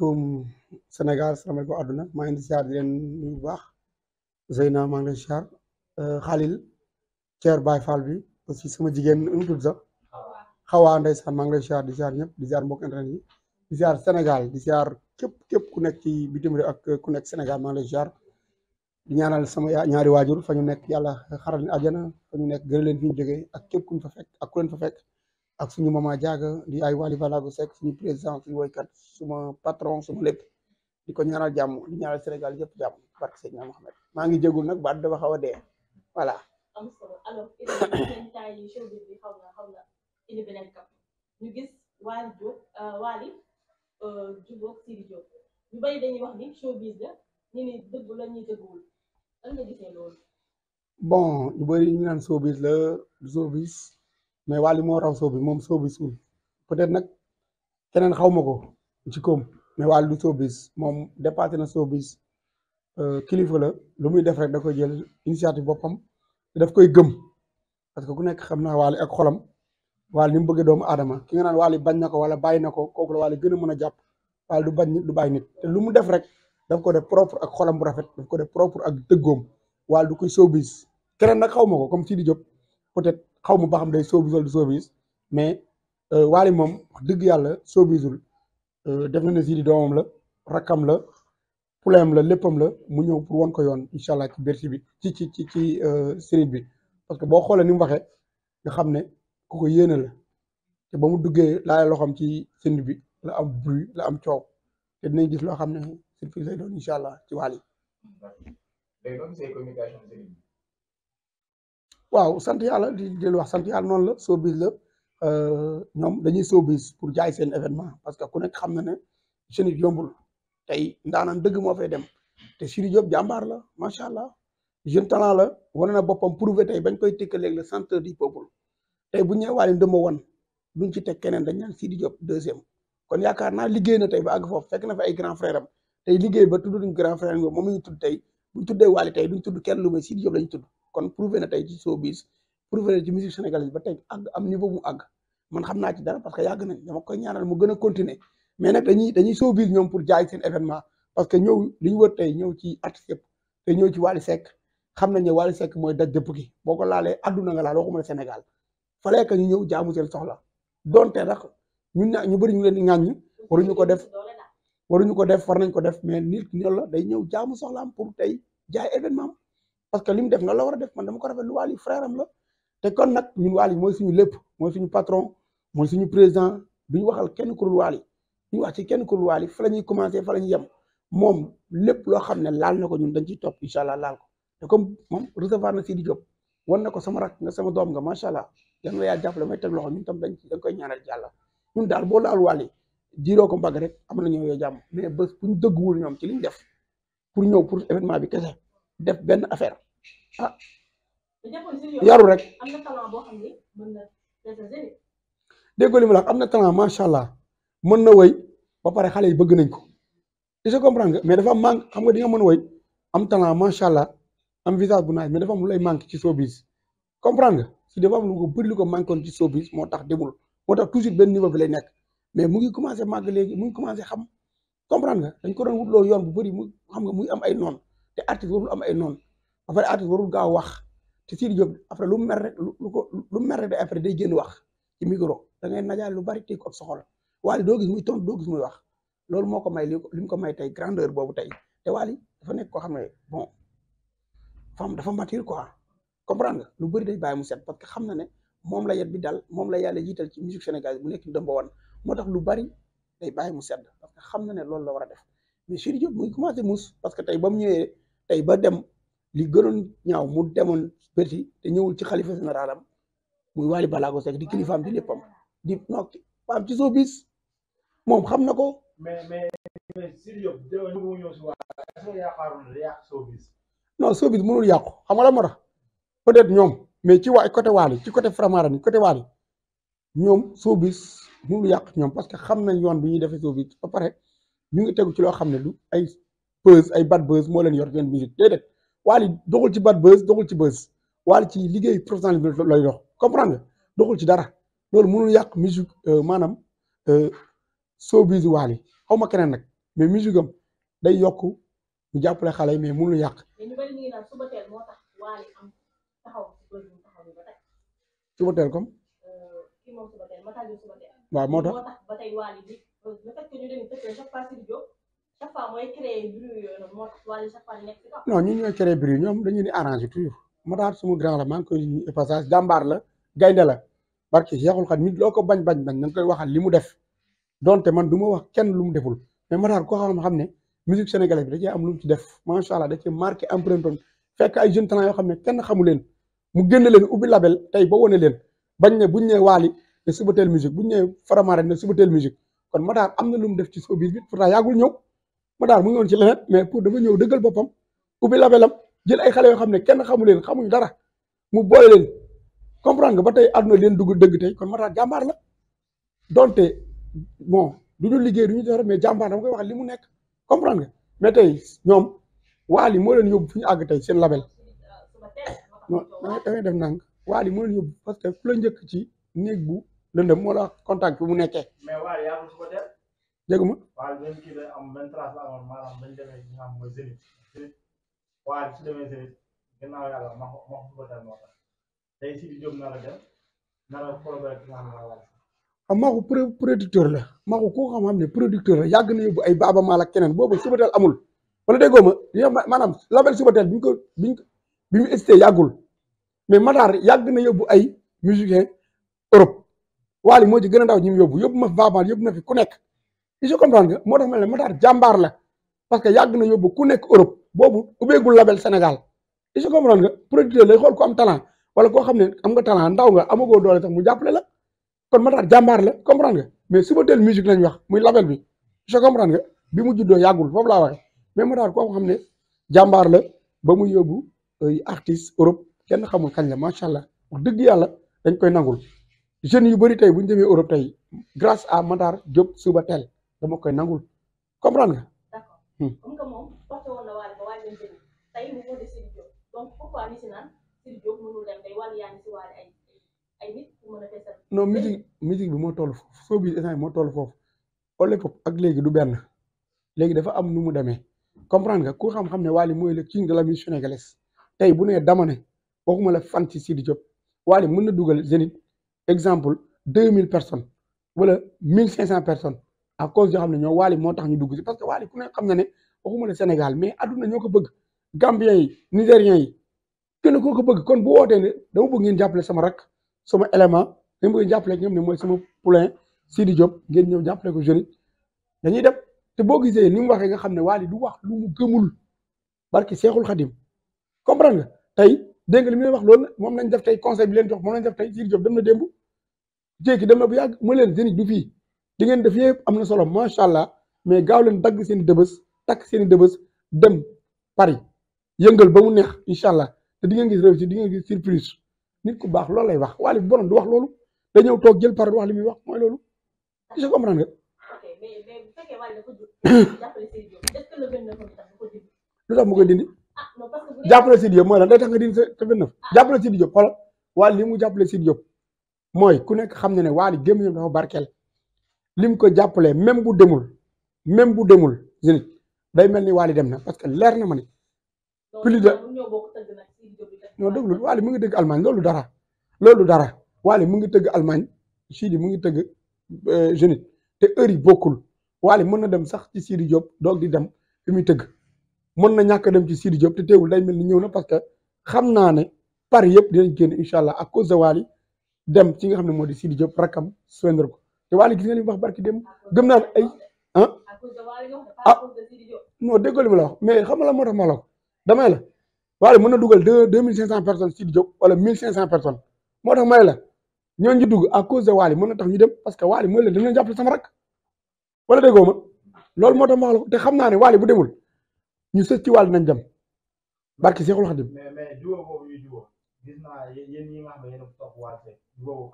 salaamaaleykum Sénégal salaamaaleykum àdduna maa ngi di siyaar di leen nuyu bu baax Zeyna maa ngi leen siyaar euh, Khalil ceer baay Fall bi aussi sama jigéen nu mu tudd sax Xawaa ndeysaan maa siyaar di siyaar ñëpp di siyaar mbokk internet yi di siyaar Sénégal di siyaar képp képp ku nekk ci bitim réew ak ku nekk Sénégal maa ngi lay siyaar di ñaanal sama ñaari waajur fa ñu nekk yàlla xaral ni àjjana fa ñu nekk gërë leen fi jege ak képp ku fa fekk ak ku leen fa fekk. ak suñu maman Diaga di ay Wally Ballago Seck suñu président suñu woykat suma patron suma lépp di ko ñaanal jàmm di ñaanal Sénégal yëpp jàmm barke Seydina Mohamed maa ngi jégul nag baat dafa xaw a dee voilà. am alors indi beneen cap ñu gis Wally Diop euh, Wally euh, bon ñu bari ñu naan showbiz la showbiz. mais Wally moo raw soobi moom soobi suul peut-être nag keneen xaw ma ko ci koom mais Wally du soobis moom dépassé na soobis euh, kilifa la lu muy def rek da jël initiative boppam daf koy gëm parce que ku nekk xam naa Wally ak xolam Wally ni mu bëggee doomu aadama ki nga naan Wally bañ na ko wala bàyyi na ko kooku la Wally gën a mën jàpp Wally du bañ nit du bàyyi nit te lu mu def rek daf ko def propre ak xolam bu rafet daf ko def propre ak dëggoom Wally du koy soobis keneen nag xaw ma ko comme Sidi Diop peut-être. xaw ma ba xam day soobis wala du soobis mais euh, Wally moom wax yàlla soobisul euh, def na ne Sidy doomam la rakkam la problème la léppam la mu ñëw pour won ko yoon incha allah ci bersi bi ci ci ci ci euh, série bi parce que boo xoolee ni mu waxee nga xam ne ku ko yéene la te ba mu duggee la loxoom ci série bi la am bruit la am coow te dinañ gis loo xam ne surprise lay doon incha allah ci Wally. waaw sant yàlla di di wax sant yàlla noonu la showbiz la euh, ñoom dañuy showbiz pour jaay seen événement parce que ku nekk xam na ne jeune it yombul tey ndaanaan dëgg moo fay dem te Sidy Diop jàmbaar la macha allah jeune talent la wane na boppam prouvé tey bañ koy tëkkaleeg le centre du peuple tey bu ñu nee waa dama wan luñ ci teg keneen dañ naan Sidy Diop deuxième kon yaakaar naa liggéey na tey ba àgg foofu fekk na fa ay grand frère am tey liggéey ba tudd duñ grand frère ñu tudd tey buñ tuddee kenn lu may Sidy Diop kon prouvé na tey ci showbiz prouvé na ci musique sénégalaise ba tey àgg am ba bu àgg man xam naa ci dara parce que yàgg nañ dama koy ñaanal mu gën a continuer mais nag dañuy dañuy showbiz ñoom pour jaay seen événement parce que ñëw li ñu wër tey ñëw ci artiste yëpp te ñëw ci Wally Seck xam nañ ne Wally Seck mooy daj dëpp gi boo ko laalee àdduna nga laal waxuma la Sénégal fallait que ñu ñëw jaamu seen soxla donte nag ñun ñaa ñu bëri ñu leen di ŋàññ waruñu ko def waruñu ko def war nañ ko def mais nit ñoom la day ñëw jaamu soxlaam pour tey jaay événement parce que lim mu def noonu la war a def man dama ko rafetlu Wally frère am la te kon nag ñun Wally mooy suñu lépp mooy suñu patron mooy suñu président duñu waxal kenn ku dul Wally ñu wax ci kenn ku dul Wally fa la ñuy commencé fa la ñuy yem moom lépp loo xam ne laal na ko ñun dañ ciy topp incha allah laal ko te comme moom recevoir na Sidi Diop wan na ko sama rak sama doom nga macha allah yan la yaa jàppale may teg loxo ñun tam dañ dañ koy ñaanal yàlla ñun daal boo ko mbagg rek am na ñoo yoo jàmm mais bés bu ñu dëgguwul ñoom ci liñ def pour ñëw pour événement bi kese def benn affaire ah yaru rek déggoo li mu la am na talent macha allah mën na woy ba pare xale yi bëgg nañ ko je comprends nga mais dafa am manque xam nga di nga mën a woy am talent macha allah am visage bu naaj mais dafa am lu lay manque ci sobis comprendre nga si dafa am lu ko bëri lu ko manqué woon ci showbiz moo tax demul moo tax toujours benn niveau bi lay nekk mais mu ngi commencé màgg léegi mu ngi commencé xam comprendre nga dañ ko doon loo yoon bu bëri mu xam nga muy am ay noon te artiste am ay noon après artiste warul gaaw wax te Sidy Diop après lu mer rek lu ko lu mer rek après day génn wax ci micro da ngay najaal lu bari teg ko ak soxol Wally doo gis muy tontu doo gis muy wax loolu moo ko may li mu ko may tey grandeur boobu tey te Wally dafa nekk koo xam ne bon femme dafa mature quoi comprendre nga lu bëri day bàyyi mu set parce que xam na ne moom la yet bi dal moom la yàlla jiital ci musique sénégalaise mu nekk number one moo tax lu bari day bàyyi mu sedd parce que xam na ne loolu la war a def mais Sidy Diop muy commencé muus parce que tey ba mu ñëwee tey ba dem. li gënoon ñaaw mu demoon Bercy te ñëwul ci xalifa général am muy Waly Balago Seck di kilifaam di léppam di nokk am ci soo bis moom xam na ko. mais mais mais Siriop non soo bis mënul yàqu xam nga la moo tax peut-être ñoom mais ci waa côté Waly ci côté Framarane côté Waly ñoom soo bis mënul yàq ñoom parce que xam nañ yoon bi ñuy defee soo bis ba pare ñu ngi tegu ci loo xam ne du ay buzz ay bad buzz moo leen yor seen musique déedéet. Wally doxul ci bad buzz doxul ci buzz Wally ci liggéey professionnel lay dox comprendre nga doxul ci dara loolu mënul yàq musique euh, maanaam euh, showbiz Wally xaw ma keneen nag mais musique am day yokk ñu jàppale xale yi mais mënul yàq. suba teel comme. Euh, waaw moo tax. chaque fois mooy créer bruit yooyu moo tax wala chaque fois ñoom dañu ni arrangé toujours Matar suma grand la maa ngi koy passage jàmbaar la gaynde la parce que Seexul Xadiim nit loo ko bañ bañ bañ na koy waxal li mu def donte man du ma wax kenn lu mu deful mais Matar koo xam xam ne musique sénégalaise bi da cee am lu mu ci def macha allah da cee marqué empreinte fekk ay jeunes talent yoo xam ne kenn xamu leen mu génn leen ubbi label tey ba wane leen bañ ne buñ ne waali ne suba teel musique buñ ne faramare ne suba teel musique kon Matar am na lu mu def ci showbiz bi pourtant yàggul ñëw. Matar mu ngi woon ci leneen mais pour dafa ñëw dëggal boppam ubbi labelam jël ay xale yoo xam ne kenn xamu leen xamuñ dara mu boole leen comprendre nga ba tey àdduna leen dugg dëgg tey kon Matar jàmbaar la donte bon du ñu liggéey du ñu def mais jàmbaar dama koy wax li mu nekk comprendre nga mais tey ñoom waali moo leen yóbbu fu ñu àgg tey seen label dangay def nang waali moo leen yóbbu parce que la njëkk ci néeg bu lëndëm moo la contact bi mu nekkee dégg nga. waaye am benn trace la amoon ma ko ma ko a dem nar ne la xam maa ko producteur la maa ne yàgg na yóbbu ay Baaba Maal ak keneen boobu subatal amul wala déggoo ma yow maanaam label subatal bi ko bi mu hésité yàggul mais Matar yàgg na yóbbu ay musiciens Europe waali moo ci gën a ndaw ñi mu yóbbu yóbbu ma Baaba Maal yóbbu na fi ku nekk. si je comprends nga moo tax ma ne Matar la parce que yàgg na yóbbu ku nekk Europe boobu ubbeegul label Sénégal si je comprends nga producteur lay xool ku am talent wala koo xam ne am nga talent ndaw nga amagoo doole sax mu jàppale la kon Matar jàmbaar la comprendre nga mais Subatel musique lañ wax muy label bi je comprends nga bi mu juddoo yàggul foofu laa waxee mais Matar koo xam ne jàmbaar la ba muy yobu ay artistes Europe kenn xamul kañ la macha allah wax dëgg yàlla dañ koy nangul jeunes yu bëri tey bu ñu demee Europe tey grâce à Matar Diop Subatel. dama koy nangul comprendre nga. d'accord hmm. comme que bi moo toll foofu soo bi moo toll foofu ole pop ak léegi du benn léegi dafa am nu mu demee comprendre nga ku ne Wally mooy le king la musique sénégalaise tey bu nee dama ne waxuma la ci Sidy Diop mën na dugal Zénith exemple deux mille personnes wala mille cinq cent personnes. à cause yoo xam ne ñoo Wally moo tax ñu dugg si parce que Wally ku ne xam na ne waxuma la Sénégal mais adduna ñoo ko bëgg Gambien yi Nigériens yi kenn koo ko bëgg kon bu wootee ne dama bëgg ngeen jàppale sama rek sama élément dama jàppale ne mooy sama poulain di Diop ngeen ñëw jàppale ko jeune dañuy dem te boo gisee ni mu waxee nga xam ne Wally du wax lu mu gëmul barki Seexul Xadim comprendre nga tey dégg nga li muy wax loolu moom lañ def tey conseil bi leen jox moom def tey Sidi Diop dem na démb jékki dem na bu yàgg ma leen Zénith du fii di ngeen def yëpp am na solo macha allah mais gaaw leen dagg seen dëbës takk seen dëbës dem Paris yëngal ba mu neex incha allah te di ngeen gis réussite di ngeen gis surprise nit ku baax loolu lay wax waaye bu di du wax loolu da ñëw toog jël parole wax li muy wax mooy loolu je jàppale Sidy Diop mooy lan day tax nga dindi sa vingt-neuf ah. jàppale Sidy Diop li mu jàppale Sidy Diop mooy ku nekk xam na ne waa li gémmiñam dafa lim ko jàppalee même bu demul même bu demul Zénith day mel ni Wally dem na parce que leer na ma ni. plus de non déglul Wally mu ngi tëgg Allemagne loolu dara loolu dara Wally mu ngi tëgg Allemagne Sidi mu ngi tëgg euh, Zénith te heure yi bokkul Wally mën na dem sax ci Sidi Diop doog di dem fi tëgg mën na ñàkk dem ci Sidi Diop te teewul day mel ni ñëw na parce que xam naa ne Paris yëpp dinañ génn incha allah à cause de Wally dem ci nga xam ne moo di Sidi Diop rakam suwendal ko. te Waly gis nga li mu barki dem gëm naa ay ah ah non déggoo li ma mais xam nga la moo tax ma la ko damay la mën na dugal deux deux mille cinq cent personnes Sidy Diop wala mille cinq cent personnes moo tax ma la ñooñu ñu dugg à cause de Waly mën na tax ñu dem parce que Waly mooy leen dama leen jàppale sama rak wala déggoo ma loolu moo tax ma la te xam naa ne Waly bu demul ñu sës ci Waly nañ dem barki Seexul Xadim mais mais jiwoo boobu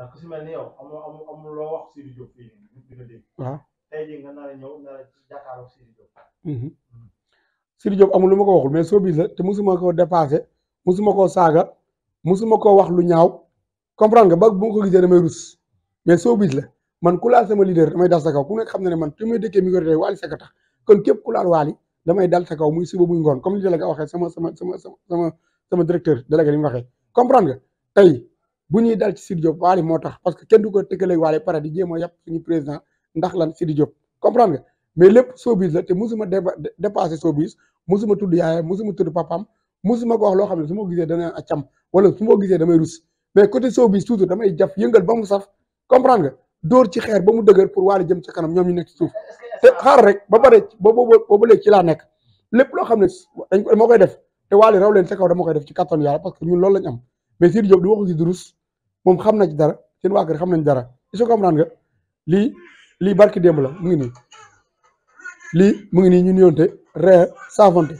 ndax ku si mel ni mhm. mm. amul lu ma ko waxul mais soo bis la te mosuma koo dépassé mosuma koo saaga mosuma koo wax lu ñaaw comprendre nga ba bu ma ko gisee damay rus mais soo bis la man ku laal sama leader damay dal sa kaw ku nekk xam ne ne man te muy dëkkee mi ko tey Wally Seck tax kon képp ku laal damay dal sa kaw muy suba muy ngoon comme li délégué waxee sama sama sama sama sama directeur délégué li mu waxee comprendre nga tey. bu ñuy dal ci Sidi Diop waale moo tax parce que kenn du ko tëkkaleeg waale pare di jéem a yàpp suñu président ndax lan Sidi Diop comprendre nga mais lépp showbiz la te musuma dépassé showbiz musuma tudd yaayam musuma tudd ko wax loo xam ne su ma gisee dana a wala su gisee damay rus mais côté showbiz toujours damay jaf yëngal ba mu saf comprendre nga dóor ci xeer ba mu dëgër pour waale jëm ca kanam ñoom ñu nekk ci suuf te xaar rek ba pare ba ba léegi ci laa nekk lépp loo xam ne dañ ko moo koy def te waale raw leen sa kaw dama koy def ci kattan yàlla parce que ñun loolu am mais Sidi Diop moom xam na ci dara seen waa xam nañ dara est-ce que comprendre nga lii lii barki démb la mu ngi nii lii mu ngi nii ñu nuyoonte ree saafante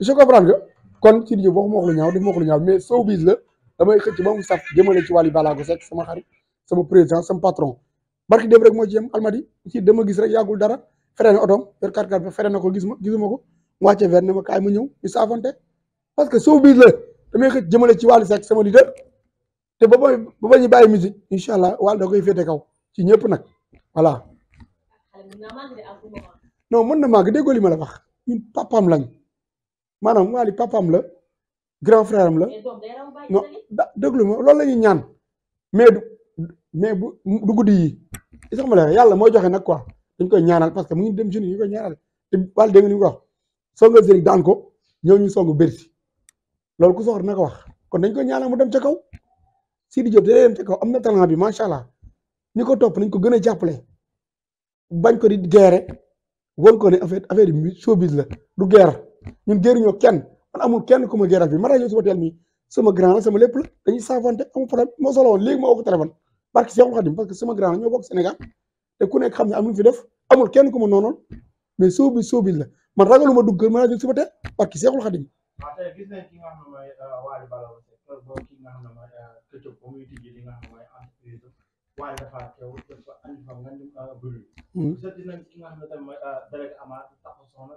est-ce que comprendre nga kon ci Diop waxuma wax lu ñaaw def ma wax lu ñaaw mais sow biis la damay xëcc ba mu jëmale ci Wally Ballago Seck sama xarit sama président sama patron barki démb rek moo ci yem almadi ci dama gis yàggul dara feree na otoom yor kàr feree na ko gis ma gisuma ko mu wàcce verre ne ma ñëw ñu saafante parce que sow biis la damay xëcc jëmale ci Wally Seck sama leader te ba ba ba ñu bàyyi musique incha allah waal da koy féete kaw ci ñëpp nag voilà. non mën na màgg déggoo li ma la wax ñun papaam lañ maanaam waali papaam la grand frère la non da déglu ma loolu la ñaan mais du bu du yi li ma la yàlla moo joxe nag quoi dañ koy ñaanal parce que mu ngi dem si ñu koy ñaanal te waal dégg nga ni mu ko wax songa sëriñ daan ko ñëw ñu songu Bercy loolu ku soxor na ko wax kon dañ koy ñaanal mu dem ca kaw. Sidi Diop dina dem ca kaw am na talent bi macha allah ñi ko topp nañ ko gën a jàppale bañ ko di gérer won ko ne affaire affaire bi showbiz la du guerre ñun géeruñoo kenn man amul kenn ku ma géral bi ma rajo suba teel mi sama grand la sama lépp la dañuy savante amul problème moo soxla woon léegi ma woo ko téléphone barke Seexu Xadim parce que sama grand la ñoo bokk Sénégal te ku nekk xam ne am lu fi def amul kenn ku ma noonoon mais showbiz showbiz la man ragaluma dugg kër ma rajo suba teel barke Seexul Xadim bëri. te mooy délégué Amar taxaw soxna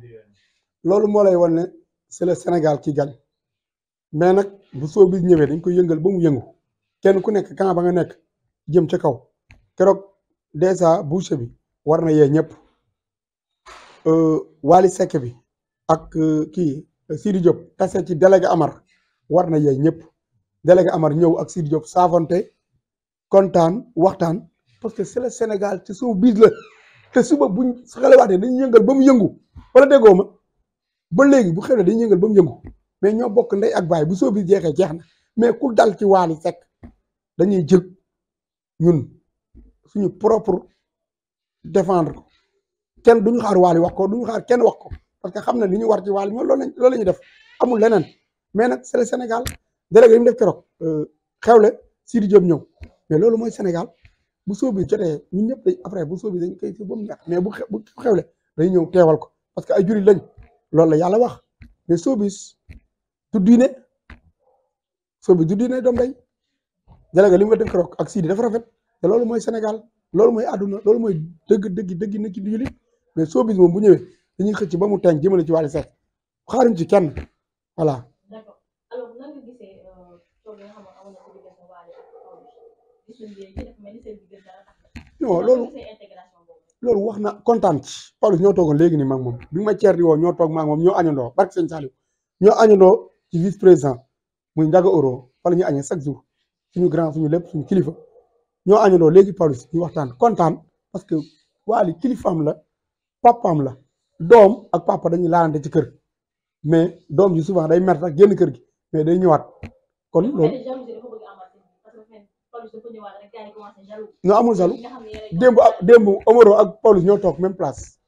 ki loolu moo lay wan ne c'est le Sénégal qui gagne mais nag bu soo bi ñëwee dañ koy yëngal ba mu yëngu kenn ku nekk camp ba nga nekk jëm ci kaw keroog dèjà boucher bi war na yee ñëpp euh, Wali Seck bi ak euh, kii Sidi Diop tase ci délégué Amar. war na yey ñëpp délégué Amar ñëw ak Sidi Diop saafante kontaan waxtaan parce que c'est le Sénégal ci suñu biis la te suba buñ xelewaatee dañuy yëngal ba mu yëngu wala déggoo ma ba léegi bu xewlee dañuy yëngal ba mu yëngu mais ñoo bokk ndey ak baay bu soo bi jeexee jeex na mais ku dal ci waali sekk dañuy jël ñun suñu propre défendre ko kenn duñu xaar waali wax ko duñu xaar kenn wax ko parce que xam na li ñu war ci waali moom loolu lañ la ñuy def amul leneen mais nag c'est le Sénégal délégué yi mu def keroog euh, xewle Sidi Diop ñëw mais loolu mooy Sénégal bu sóobi jotee ñun ñëpp dañ bu sóobi dañ koy si ba mu neex mais bu bu xewle dañ ñëw teewal ko parce que ay juri lañ loolu la yàlla wax mais sóobis du diine sóobis du diine doom day délégué li mu def keroog ak Sidi dafa rafet loolu mooy Sénégal loolu mooy àdduna loolu mooy dëgg dëgg dëgg na ci jullit mais sóobis moom bu ñëwee dañuy xëcc ba mu teñ jëmale ci Wally Seck xaaruñ ci kenn voilà non loolu loolu wax na kontaan ci ñoo toogoon léegi ni mag moom bi ma ceer di woo ñoo toog maag moom ñoo añandoo barke sëñ Saliou ñoo añandoo ci vice président muy Ndiaga Euro walla ñu ñuy añee chaque jour suñu grand suñu lépp suñu kilifa ñoo añandoo léegi Pawlish ñu waxtaan kontaan parce que waali kilifaam la papaam la doom ak papa dañuy laalante ci kër mais doom ji souvent day mer sax génn kër gi mais day ñëwaat kon loolu non amul jaloux démb ak ah, démb Omaro ak Pawlish ñoo toog même place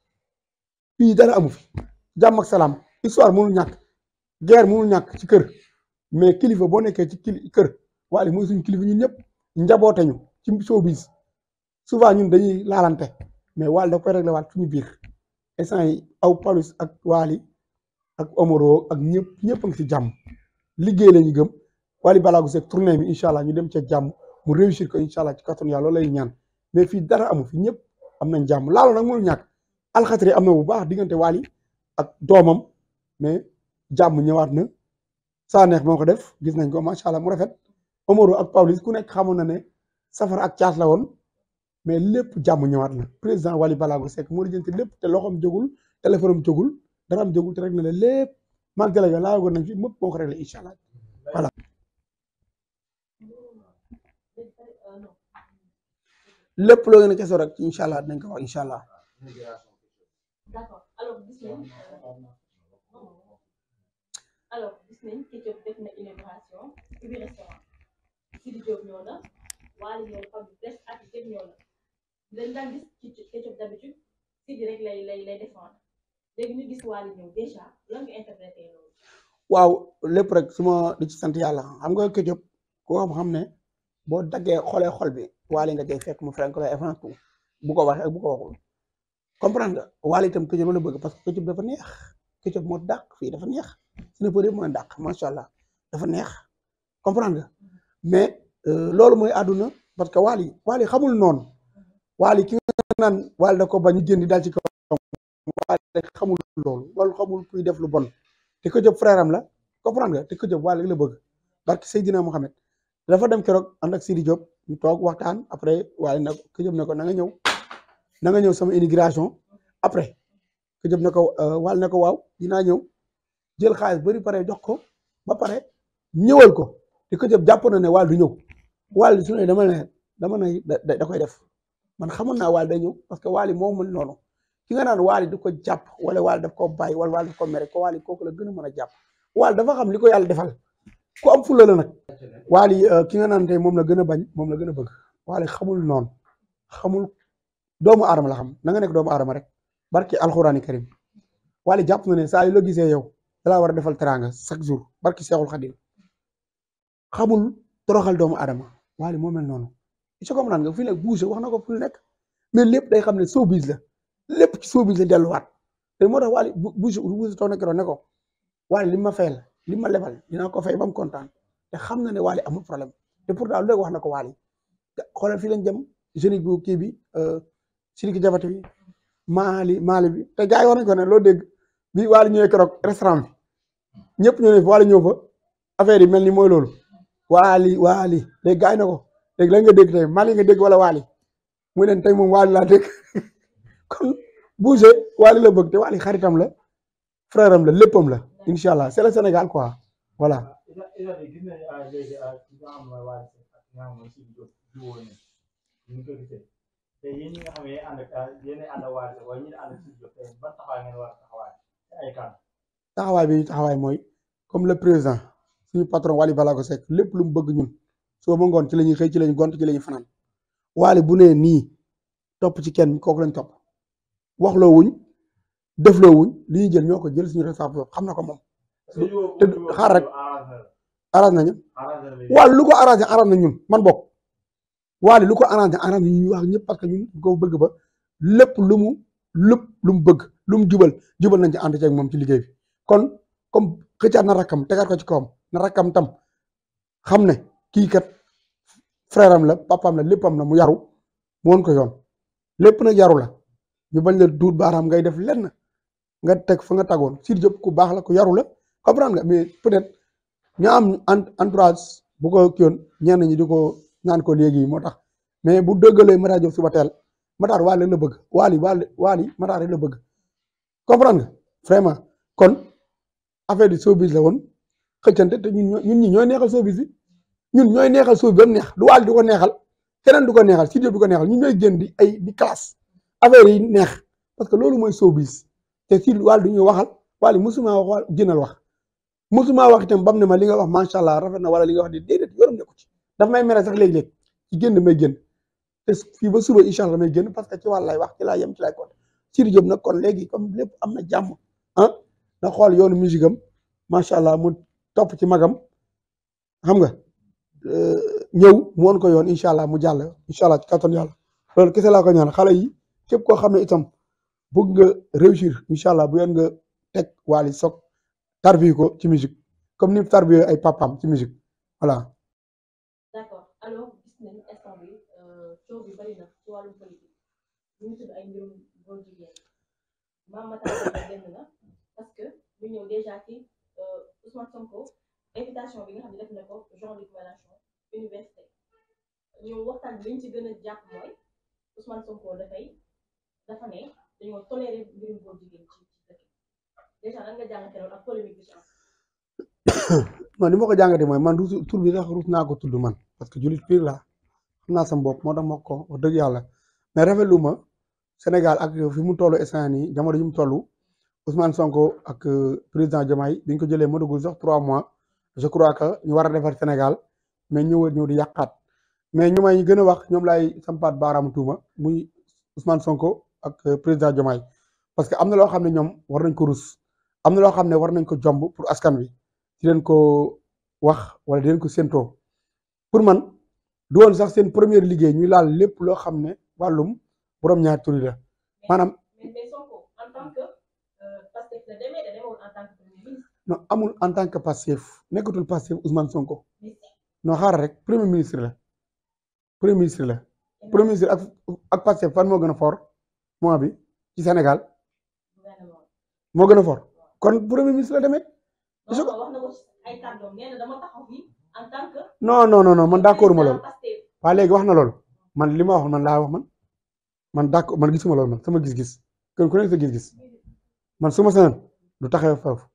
fii dara amu fi jàmm ak salaam histoire mënul ñàkk guerre mënul ñàkk ci kër mais kilifa boo nekkee ci kili kër Wally mooy suñ kilifa ñun ñëpp njaboote ñu ci showbiz souvent ñun dañuy laalante mais Wally da koy réglé waat suñu biir instant yi aw Pawlish ak Wally ak Omaro ak ñëpp ñëpp a ngi si jàmm liggéey la ñu gëm Wally balaagu seeg tournée bi allah ñu dem ca jàmm. mu réussir ko incha allah ci kattanu yàlla lay ñaan mais fii dara amu fi ñëpp am nañ jàmm laalo nag mënul ñàkk alxatri am na bu baax diggante waali ak doomam mais jàmm ñëwaat na saa neex moo ko def gis nañ ko macha allah mu rafet Omaro ak Pawlish ku nekk xamoon na ne safara ak caas la woon mais lépp jàmm ñëwaat na président Wally mu Seck moo lijjanti lépp te loxoom jogul téléphone am jógul dara am jógul te rek na la lépp mag yo laa yogoon nañ fi mëpp incha allah voilà lépp loolu gën a kesoo rek incha allah dinañ ko wax incha allah. d'accord rek lay lay waaw lépp rek su di ci sant yàlla xam nga Sidy Diop xam xam ne boo daggee xoolee xol bi. waale nga koy fekk mu frank la avant tout bu ko waxee ak bu ko waxul comprendre nga waale itam këccëg la bëgg parce que këccëg dafa neex këccëg moo dàq fii dafa neex suñu për yëpp macha allah dafa neex comprendre nga euh, loolu mooy àdduna parce que waali waali xamul noonu waali ki nga naan waali da ko jëndi daal ci kawam xamul loolu loolu xamul kuy def lu bon te këccëg frère am la comprendre nga te këccëg waali la bëgg barke Seydina Mohamed. dafa dem keroog ànd ak Sidi Diop ñu toog waxtaan après waaye nag ku jëm ne ko nanga ñëw na nga ñëw sama immigration après ku jëm na ko euh, wàll ne ko waaw dinaa ñëw jël xaalis bari pare jox ko ba pare ñëwal ko di ku jëm jàpp na ne wàll du ñëw wàll su ne dama ne dama ne da koy def man xamoon naa wàll day ñëw parce que wàll moo mën ki nga naan wàll du ko jàpp wala wàll daf ko bàyyi wala wàll daf ko mere ko wàll kooku la gën a mën a jàpp wàll dafa xam li ko yàlla defal. ko am fulla la nag waali euh, ki nga naan tey moom la gën a bañ moom la gën a bëgg waali xamul noon xamul doomu aadama la xam na nga nekk doomu aadama rek barki alxuraani karim waali jàpp na ne saa yu la gisee yow dalaa war a defal teraanga chaque jour barki seexul xadim xamul toroxal doomu adama waali moo mel noonu su ko naan nga fii la bougé wax na ko fu nekk mais lépp day xam ne showbiz la lépp ci showbiz la delluwaat te moo tax waali bougé bougé toog ne ko waali li ma fayal li ma lebal dinaa ko fay ba mu kontaan te xam na ne Wally amul problème te pourtant léegi wax na ko Wally xoolal fii lañ jëm jeune bu kii bi euh, Sidiki Diabaté bi Mali Mali bi te gars yi wax nañ ko ne loo dégg bi Wally ñëwee keroog restaurant ñëpp ñëw ne ñëw fa affaire yi mel ni mooy loolu Wally Wally léegi gars yi na ko léegi lan nga dégg tey Mali nga dégg wala Wally mu leen tey moom Wally laa dégg kon bougé Wally la bëgg te Wally xaritam la frère am la léppam la. incha allah c'est senegal Sénégal quoi voilà. taxawaay bi taxawaay mooy comme le président suñu patron Wally Ballago Seck lépp lu bëgg ñun soo ba ci la ñuy xëy ci la ñuy gont ci la ñuy fanaan bu nee nii topp ci kenn kooku lañ topp waxloo wuñ defloo wuñ li ñuy jël ñoo ko jël suñu responsable xam na ko moom. te xaar rek arrangé nañu. waaye lu ko na ñun man bokk. waaye lu ko arrangé arrangé ñun wax ñëpp parce que ñun ko bëgg ba lépp lu mu lépp lu mu bëgg lu mu jubal jubal nañ ci ànd ceeg moom ci liggéey bi kon comme xëccaat na rakkam tegaat ko ci kawam na rakkam tam xam ne kii kat frère am la papaam la léppam na mu yaru woon ko yoon lépp na yaru la ñu bañ la duut baaraam ngay def lenn. nga teg fa nga tagoon Sidy Diop ku baax la ku yaru la comprendre nga mais peut-être ñu am entourage bu ko kiyoon ñenn ñi di ko ñaan ko léegi moo tax mais bu dëggalee Matar si suba teel Matar waale la bëgg waali waali waali Matar la bëgg comprendre nga vraiment kon affaire du showbiz la woon xëccante te ñun ñun ñi ñooy neexal showbiz bi ñun ñooy neexal showbiz ba neex du waali du ko neexal keneen du ko neexal Sidy Diop du ko neexal ñun ñooy génn di ay di classe affaire yi neex parce que loolu mooy showbiz te si wàllu ñuy waxal wàllu musuma wax jënal wax musuma wax itam bam ne ma li nga wax macha allah rafet na wala li nga wax di déedéet yoonam ne ko ci daf may mere sax léeg-léeg ci génn may génn te fii ba suba incha allah may génn parce que ci wàll lay wax ci laa yem ci laay kon Sidy Diop nag kon léegi comme lépp am na jàmm ah na xool yoonu musique am macha allah mu topp ci magam xam nga euh, ñëw mu woon ko yoon incha allah mu jàll incha allah ci kattan yàlla loolu kese laa ko ñaan xale yi képp koo xam ne itam. bëgg nga réussir incha allah bu yoon nga teg Wally Seck tarbi ko ci musique comme ni tarbi ay papam ci musique voilà. d'accord alors gis nañu instant bi euh, coow bi ci wàllum politique ñu ngi ay mbirum góor jigéen que ñu ñëw euh, Sonko invitation bi nga xam ne def na ko Jean-Luc université ñu waxtaan bi ci gën a jàpp Sonko dafay dafa ne. dañoo ni ma ko jàngatee mooy man ruus tur bi sax ruus naa ko tudd man parce que jullit pire la xam naa sama bopp moo tax ma ko wax dëgg yàlla mais rafetlu ma Sénégal ak fi mu toll instant nii jamono ji mu toll Ousmane Sonko ak euh, président Diomaye bi ko jëlee ma dugul sax trois mois je crois que ñu war a defar Sénégal mais ñëwaat ñëw di yàqaat mais ñu may gën a wax ñoom laay sampaat baaraamu tuuma muy Ousmane Sonko. ak euh, président Diomaye parce que am na loo xam ne ñoom war nañ ko rus am na loo xam ne war nañ ko jomb pour askan wi di leen ko wax wala di ko séentoo pour man du sax seen première liggéey ñuy laal lépp loo xam ne wàllum borom ñaari tur la maanaam. Euh, non amul en tant que Pastef nekkatul Pastef Ousmane Sonko non xaaral rek premier ministre la premier ministre la premier ministre ak ak Pastef fan moo gën a fort. mois bi ci Sénégal moo gën a fort kon premier ministre la demee. je non man d'accord ma lool waa léegi wax na lool man li ma wax man laa wax man man d'accord man gisuma loolu man sama gis-gis kon ku nekk sa gis-gis man su ma sënoon du taxaw foofu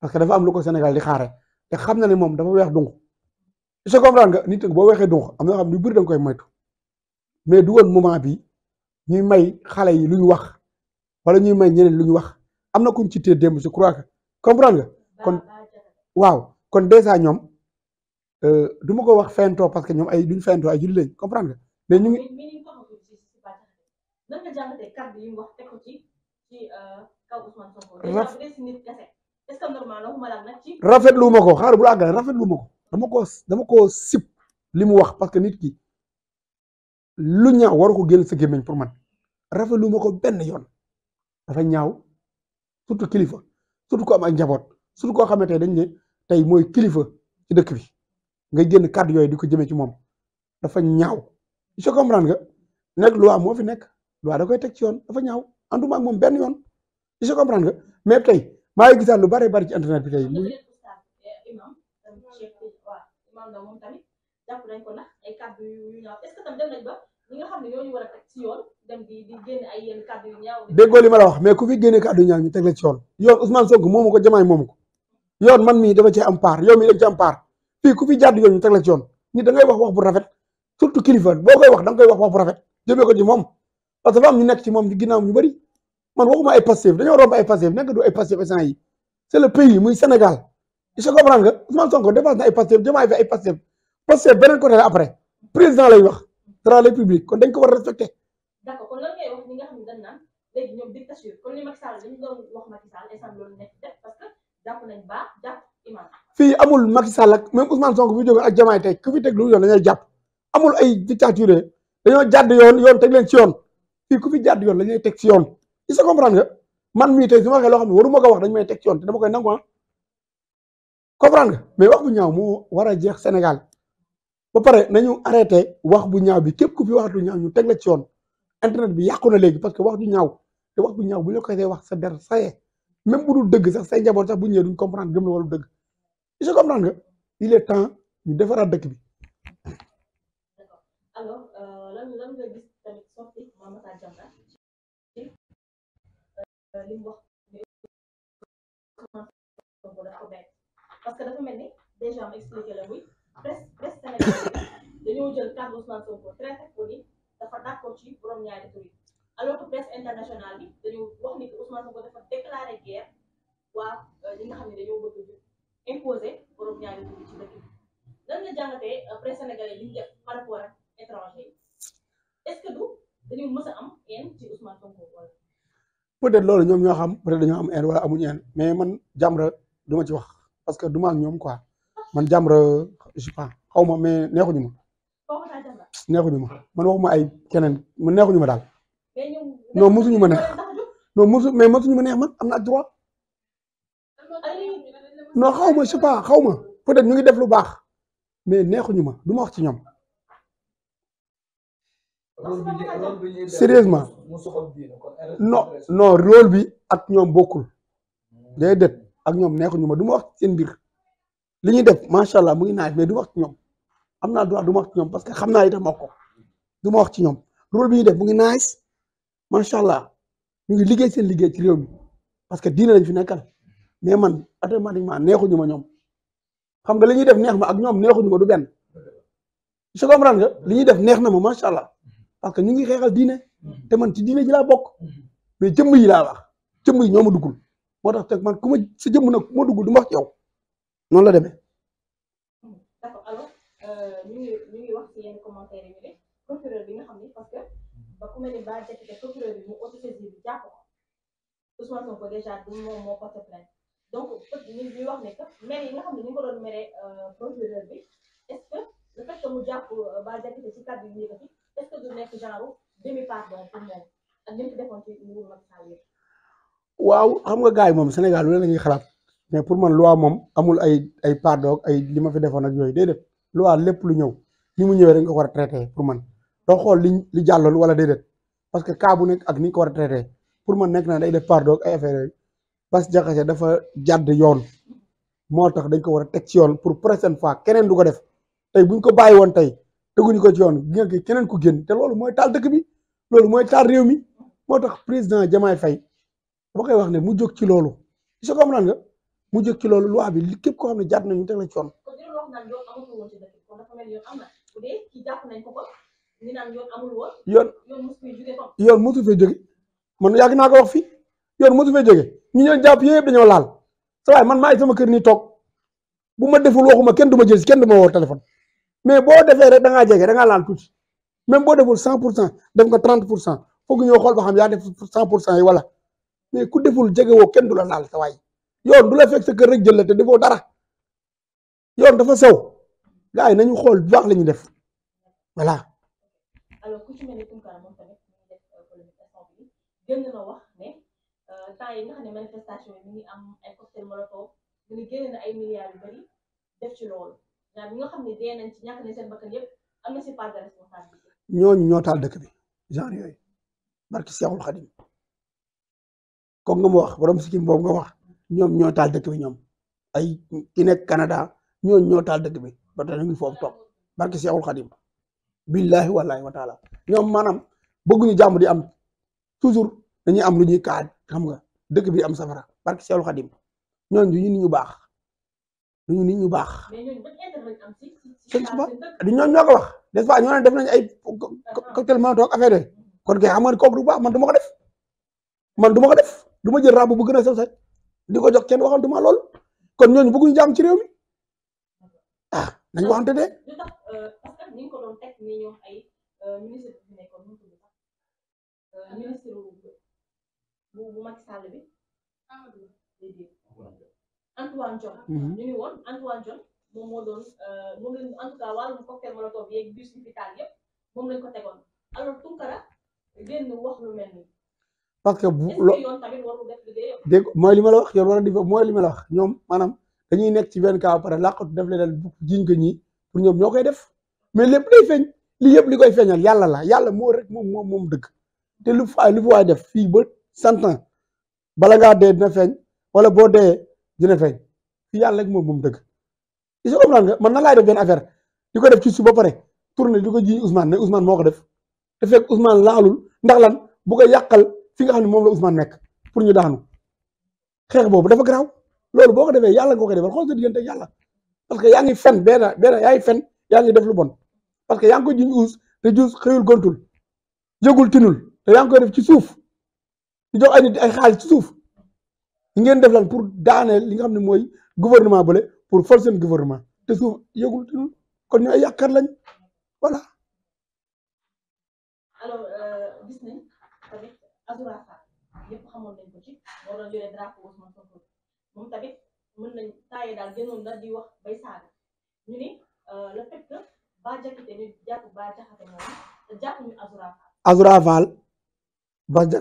parce que dafa am lu ko Sénégal di xaare te xam na ne moom dafa weex dunq je comprends nga nit boo weexee dunq am na xam lu bëri da koy moytu mais du woon moment bi ñuy may xale yi lu ñu wax wala ñuy may ñeneen lu ñu wax am na kuñ ci téye démb je crois que comprendre nga kon waaw kon dèjà ñoom euh, du ma ko wax fento parce que ñoom ay duñ fento ay julli lañ comprendre nga mais ñu ngi rafetlu ko xaaral bu la àggale rafetlu ma ko dama koo dama koo sip li mu wax parce que nit ki lu ñaaw waru ko génn sa gémmiñ pour man rafetlu ma ko benn yoon dafa ñaaw surtout kilifa surtout ko am ay njaboot surtout koo xamante ne dañ ne tey mooy kilifa ci dëkk bi nga génn kàddu yooyu di ko jëmee ci moom dafa ñaaw je comprendre nga nekk loi moo fi nekk loi da koy teg ci yoon dafa ñaaw ànduma ak moom benn yoon je comprendre nga mais tey maa ngi gisaat lu bare bari ci internet bi tey. jàpp nañ a teg ci yoon dem di di génn ay yenn kàddu yu ñaaw. déggoo ma la wax mais ku fi génne kàddu yu ñaaw ñu teg ci yoon yoon Ousmane Sonko moomu ko jamaay moomu ko yoon man mii dafa cee am part yow mii dafa ci am part fii ku fi jàdd yoon ñu teg ci yoon nit da ngay wax wax bu rafet surtout kilifa boo koy wax da nga koy wax wax bu rafet jëmee ko ci moom parce que ñu nekk ci moom ginnaaw ñu bëri man waxuma ay passif dañoo romb ay passif nekk du ay passif instant yi c'est muy Sénégal est-ce que comprendre parce que beneen côté président lay wax dans les publics kon dañ ko war a respecté. d'accord kon lan ngay wax ñi ne dañ naan léegi ñoom dictature amul Macky Sall ak même Ousmane Sonko bi jógee ak tey ku fi teg lu yoon dañoo jàpp amul ay dictature dañoo jàdd yoon yoon teg leen ci yoon fii ku fi jàdd yoon la ñuy teg ci yoon il se comprendre nga man mii tey su ma waxee loo xam ne waruma ko wax dañu may teg ci yoon te dama koy nangu ah comprendre mais wax bu ñaaw moo war a jeex Sénégal ba pare nañu arrêté wax bu ñaaw bi képp ku fi waxatu du ñaaw ñu teg la ci woon internet bi yàqu na léegi parce que wax du ñaaw te wax bu ñaaw bu ñu ko koy wax sa der saye même bu dul dëgg sax say njaboot sax bu ñëwee duñ comprendre gëm la wala dëgg je comprends nga il est temps ñu defaraat dëkk bi. presse presse dañoo jël kàddu Ousmane Sonko traité ko ni dafa d'accord ci borom ñaari tur yi alors que presse internationale bi dañoo wax ni que Ousmane Sonko dafa déclaré guerre est que du dañu mës am haine ci Ousmane Sonko wala. peut-être loolu ñoom ñoo xam peut-être dañoo am haine wala amuñu haine mais man Jamra du ma ci wax parce que duma ma ak ñoom quoi man Jamra je sais pas xaw ma mais neexuñu ma. neexuñu ma man waxuma ay keneen man neexuñu ma daal. non mosuñu ma ne non mosu mais mosuñu ma neex man am na droit. no xaw ma je sais pas xaw ma peut-être ñu ngi def lu baax mais neexuñu ma du ma wax ci ñoom. sérieusement non non rôle bi ak ñoom bokkul. déedéet ak ñoom neexuñu ma du ma wax ci li ñuy def macha allah mu ngi naaj mais du wax ci ñoom am naa droit du ma wax ci ñoom parce que xam naa itam ko du ma wax ci ñoom rôle bi ñuy def mu ngi naaj macha allah ñu ngi liggéey seen liggéey ci réew mi parce que diine lañ fi nekkal mais man automatiquement neexuñu ma ñoom xam nga li ñuy def neex ma ak ñoom ñu ma du benn su ko nga li ñuy def neex na ma macha allah parce que ñu ngi xeexal diine te man ci diine ji laa bokk mais jëmm yi laa wax jëmm yi ñoo ma duggul moo tax te man ku ma sa jëmm nag ku ma du ma wax ci yow. noonu la demee. d'accord alors euh, ngi wax ci yenn commentaire yi ne procureur bi nga xam ni parce que ba ku mel ne ba Diakité procureur bi mu autosaisir bi jàpp ko Ousmane Sonko déjà du moom moo donc ñun ñuy wax ne que maire yi nga ko doon meree euh, est-ce que jàpp euh, ba Diakité ci kàddu yi yëkkati est-ce que du nekk genre demi pardon pour moom defoon ci nguur Macky Sall yëpp. waaw xam nga gars yi moom Sénégal lu la ñuy xalaat. mais pour man loi moom amul ay ay pardon ay li ma fi defoon ak yooyu déedéet loi lépp lu ñëw ni mu ñëwee dañ ko war a traité pour man doo xool li li jàlloon wala déedéet parce que cas bu nekk ak ni nga ko war a traité pour man nekk naa day def pardon ay affaire yooyu parce que jaxase dafa jàdd yoon moo tax dañ ko war a teg ci yoon pour prochaine fois keneen du ko def tey buñ ko bàyyi woon tey teguñu ko ci yoon gi nga keneen ku génn te loolu mooy taal dëkk bi loolu mooy taal réew mi moo tax président Diomaye Faye ba koy wax ne mu jóg ci loolu su ko am nga. mu jëkk ci loolu loi bi li képp koo xam ne jàpp nañu teg la ci yoon. yoon yoon mosu fee jóge man yàgg naa ko wax fii yoon mosu fee jóge ñu ñëw jàpp yëpp dañoo laal sa waay man maa sama kër nii toog bu ma deful waxuma kenn du ma jël si kenn du ma woo mais boo defee rek da ngaa jege da ngaa laal tuuti même boo deful cent pour cent def nga trente pour cent foog ñoo xool ba xam yaa def cent pour cent yi wala mais ku deful jege woo kenn du la laal sa yoon du la fekk sa kër rek jël la te defoo dara yoon dafa sew gars yi nañu xool bu baax la ñuy def voilà. ku ci mel ni Tounkara moom tamit mu euh, euh, nga xam ne manifestation yi ci loolu ne dee nañ ci ñàkk am na si part de ñooñu ñoo taal dëkk bi genre yooyu barki Seexul Xadim kooku nga ma wax borom sikkim boobu nga wax. ñoom ñoo taal dëkk bi ñoom ay ki nekk Canada ñoo ñoo taal dëkk bi ba tey ñu ngi foofu toog barke Seexul Xadim billahi wallahi wa ñoom maanaam bëgguñu jàmm di am toujours dañuy am lu ñuy kaaj xam nga dëkk bi am safara barke Seexul Xadim ñooñu du baax du ñu ñu baax. sëñ Tuba du ñooñu ñoo ko wax des fois ñoo ne def nañ ay cocktail molotov affaire yooyu kon kay xam nga kooku du baax man du ma ko def man du ma ko def du ma jël rab bu gën a sew set di ko jox kenn duma lool kon ñooñu bëgguñu jàmm ci réew mi ah nañu waxante de. Antoine John. Mhm. ñu ngi woon Antoine John moom moo doon euh, moom lañ en tout cas wàllum cocktail molotov yeeg bus bi fi taal yëpp moom lañ ko tegoon alors Tounkara génn wax lu mel ni parce que bu lo dégg mooy li ma la wax yoon war a def mooy li ma la wax ñoom maanaam dañuy nekk ci benn cas pare làqatu def leneen bu jiñ ko ñii pour ñoom ñoo koy def mais lépp day feeñ li yëpp li koy feeñal yàlla la yàlla moo rek moom moom moom dëgg te lu fa lu waay def fii ba cent ans bala ngaa dee na feeñ wala boo dee dina feeñ fii yàlla rek moom moom dëgg est ce que nga man nan laay def benn affaire di ko def ci su ba pare tourné di ko jiñ Ousmane ne Ousmane moo ko def te fekk Ousmane laalul bu ko yàqal. fi nga xam ne moom la Ousmane nekk pour ñu daanu xeex boobu dafa garaaw loolu boo ko defee yàlla nga koy defal xool sa diggante ak yàlla parce que yaa ngi fen benn benn yaa ngi fen yaa ngi def lu bon parce que yaa ngi ko jiñ uus te juus xëyul gontul yëgul tinul te yaa ngi koy def ci suuf di jox ay nit ay xaalis ci suuf ngeen def lan pour daaneel li nga xam ne mooy gouvernement bële pour forcer seen gouvernement te suuf yëgul tinul kon ñu ay yàqkat lañ voilà. Azoura Sarr ñëpp xamoon na euh,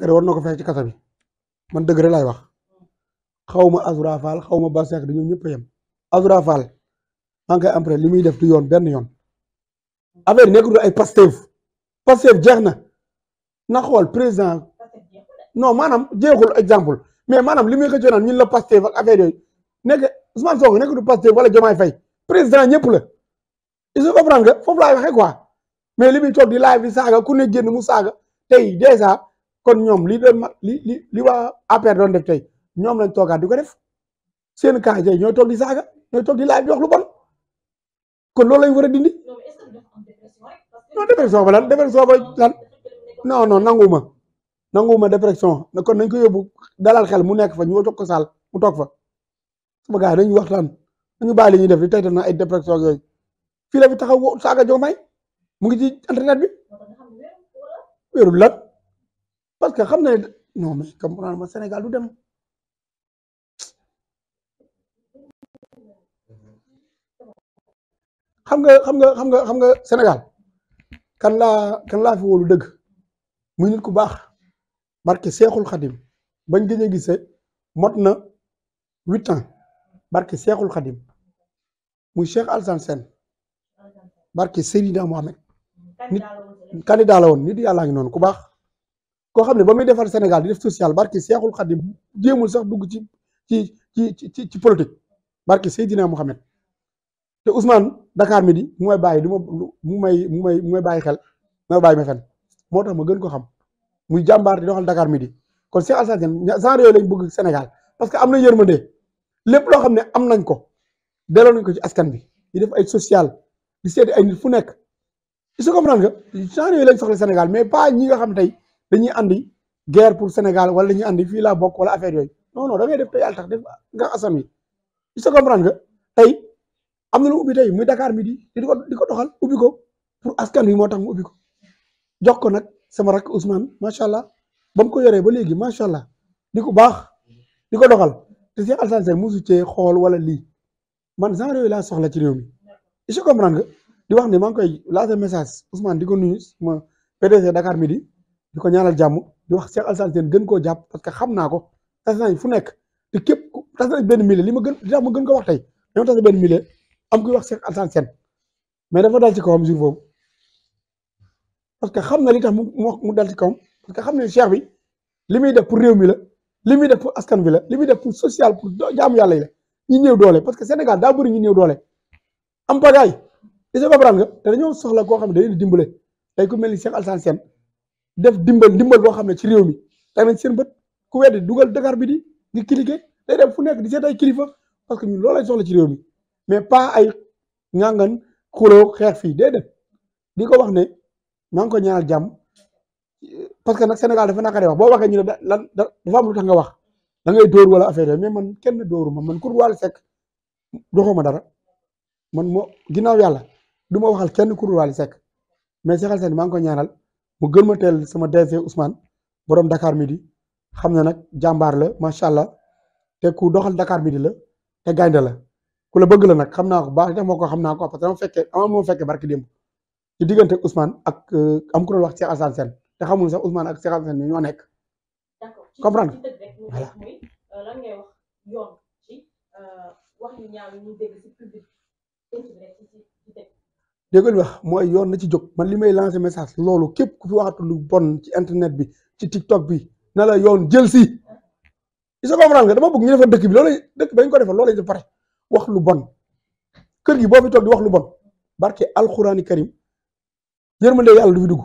war na ko fay ci kasa bi man dëgg rek laay wax xaw ma Azoura Fall xaw ma Bah Diakhaté ñoom ñëpp a yem Azoura Fall maa ngi koy après li muy def du yoon benn yoon affaire yi nekkul ay Pastef Pastef jeex na na xool président. non maanaam jeexul exemple mais maanaam li muy ko naan ñun la Pastef ak affaire yooyu nekk Ousmane Sonko nekk du Pastef wala Diomaye Faye président ñëpp la il se comprend nga foofu laay waxee quoi mais li muy toog di live bi saaga ku ne génn mu saaga tey dèjà kon ñoom li doon li li li waa APR doon def tey ñoom lañ toogaat di ko def seen cas yi ñooy toog di saaga ñooy toog di live di wax lu bon kon loolu lañ war a dindi non dépersion ba lan dépersion ba lan non non nanguma nanguwuma dépression na kon nañ ko yóbbu dalal xel mu nekk fa ñu jox ko saal mu toog fa sama gars yi dañuy waxtaan dañu bàyyi li ñuy def di tey na ay dépression fii la fi taxaw saaga may mu ngi ci internet bi wérul lan parce que xam na ne non mais comprendre ma Sénégal du nga xam nga xam nga xam nga Sénégal kan laa kan laa fi wóolu dëgg muy nit ku baax barke seexul xadim bañ gëj a gisee mot na huit ans barke seexul xadim muy Cheikh Alassane Sène barke Seydina Mohamed nit candidat la woon nit yàllaa ngi noonu ku baax koo xam ne ba muy defar Sénégal di def social barke seexul xadim jéemul sax dugg ci ci ci ci ci politique barke Seydina Mohamed te Ousmane Dakar Midi mu may bàyyi du ma may mu mu may bàyyi xel ma bàyyi ma fen moo tax ma gën ko xam muy jàmbaar di doxal Dakar midi kon Cheikh Alassane Diène genre yooyu lañ bëgg Sénégal parce que am na yërmande lépp loo xam ne am nañ ko delloo nañ ko ci askan bi di def ay social di seeti ay nit fu nekk su comprendre nga genre yooyu lañ soxla Sénégal mais pas ñi nga xam tey dañuy andi guerre pour Sénégal wala dañuy andi fii la bokk wala affaire yooyu non non da ngay def tey yàlla def nga asam yi su comprendre nga tey am na lu ubbi tey muy Dakar midi di ko di ko doxal ubbi ko pour askan wi moo tax mu ubbi ko jox sama rak Ousmane macha allah ba mu ko yoree ba léegi macha allah di ko baax di ko doxal te Cheikh Alassane Sène mosu cee xool wala lii man genre yooyu laa soxla ci réew mi. est-ce di wax ne maa ngi koy lancer message Ousmane di ko nuyu ma PDG Dakar Midi di ko ñaanal jàmm di wax Cheikh Alassane Sène gën koo jàpp parce que xam naa ko tas nañ fu nekk te képp tas nañ benn milieu li ma gën li tax ma gën ko wax tey ñoom tas benn milieu am kuy wax Cheikh Alassane Sène mais dafa dal ci parce que xam na li tax mu mu dal ci kawam parce que xam ne cheikh bi li muy def pour réew mi la li muy def pour askan bi la li muy def pour social pour jaamu yàlla yi la ñu ñëw doole parce que Sénégal daa bëri ñu néew doole am pagaay isa babraan nga te dañoo soxla koo xam ne dañuy dimbale day ku mel ni Cheikh Alassane def dimbal dimbal boo xam ne ci réew mi teg nañ seen bët ku weddi dugal Dakar bi di di cliquer day dem fu nekk di seet ay kilifa parce que ñun loolu ci réew mi mais pas ay ngangan xuloo xeex fii day def ko wax ne maa ngi ko ñaanal jàmm parce que nag Sénégal dafa naqaree wax boo waxee ñu ne da lan dafa am lu tax nga wax dangay ngay dóor wala affaire mais man kenn dóoru ma man Coura Wally sekk doxuma dara man moo ginnaaw yàlla du ma waxal kenn Coura Wally sekk mais Cheikh Alassane maa ngi ko ñaanal mu gën ma teel sama DG Ousmane borom Dakar midi xam na nag jàmbaar la macha allah te ku doxal Dakar midi la te gaynde la ku la bëgg la nag xam naa ko baax def moo ko xam naa ko parce que dama fekkee ama démb diggante Ousmane ak euh, am ku doon wax Cheikh Alassane te xamul sax Ousmane ak Cheikh Alassane ñoo nekk. d'accord comprendre voilà euh, lan wax mooy yoon na ci jóg man li may lancer message loolu képp ku fi waxatu lu bon ci internet bi ci TikTok bi na la yoon jël si. sa se comprendre nga dama bëgg ñu defar dëkk bi loolu dëkk ba ñu ko defar loolu lañ pare wax lu bon kër gi boo fi toog di wax lu bon barke alxuraani karim. yërmande yàlla du fi dugg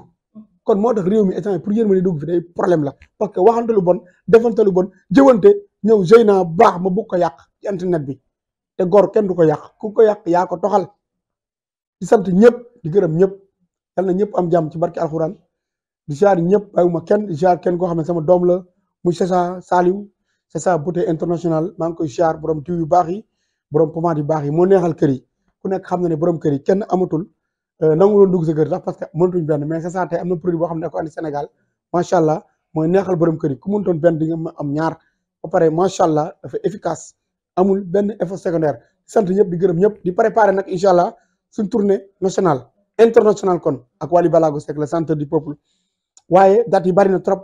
kon moo tax réew mi état pour yërmande dugg fi day problème la parce que waxante bon defante lu bon jëwante ñëw jëy naa baax ma bugg ko yàq ci internet bi te gor kenn du ko yàq ku ko yàq yaa ko toxal di sant ñëpp di gërëm ñëpp yal na ñëpp am jàmm ci barki alxuraan di ziar ñëpp bàyyiwuma kenn di ziar kenn koo xam ne sama doom la muy Sacha Saliou Sacha beauté international maa ngi ko ziar borom diw yu baax yi borom pomade yu baax yi moo neexal kër yi ku nekk xam na ne borom kër yi kenn amatul. Euh, nangu loon dugg sa kër sax parce que mënatuñ benn mais c'est ça am na produit boo xam ne ko andi Sénégal macha allah mooy neexal borom kër yi ku mënutoon benn di nga am ñaar ba pare macha allah dafa efficace amul benn effet secondaire sant ñëpp di gërëm ñëpp di préparer nag incha allah suñ tournée nationale internationale kon ak Wally Ballago Seck le centre du peuple waaye date yi bari na trop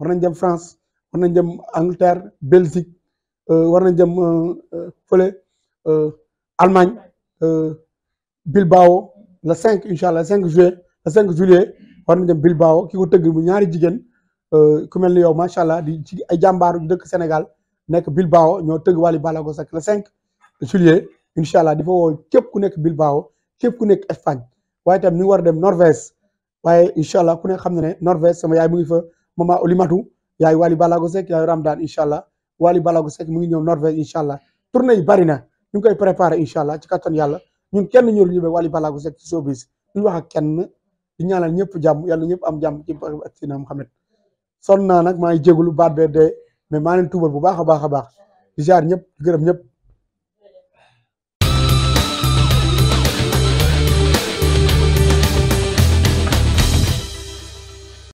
war nañ dem France war nañ dem Angleterre Belgique euh, war nañ dem euh, fële Allemagne Bilbao. le 5 incha allah 5 juillet le war na dem Bilbao ki ko tëgg mu ñaari jigéen euh, ku mel ni yow macha allah di ci ay dëkk Sénégal nekk Bilbao ñoo tëgg Wally Ballago Seck le cinq juillet incha allah di fa woo képp ku nekk Bilbao képp ku nekk Espagne waaye itam ñu ngi war a dem Norvège waaye incha allah ku ne xam na ne Norvège sama yaay mu ngi fa mama Olimatu yaay Wally Ballago Seck yaay Ramdaan incha allah Wally Ballago Seck mu ngi ñëw Norvège incha allah tournée bari na ñu ngi koy préparé incha allah ci kattan yàlla. ñun kenn ñëwul ñu ba Wally Ballago Seck ci showbiz duñ wax ak kenn di ñaanal ñëpp jàmm yàlla ñëpp am jàmm ci barke ak Seydina son sonn naa nag maa ngi jégalu baat bee dee mais maa leen tuubal bu baax a baax a baax di jaar ñëpp di gërëm ñëpp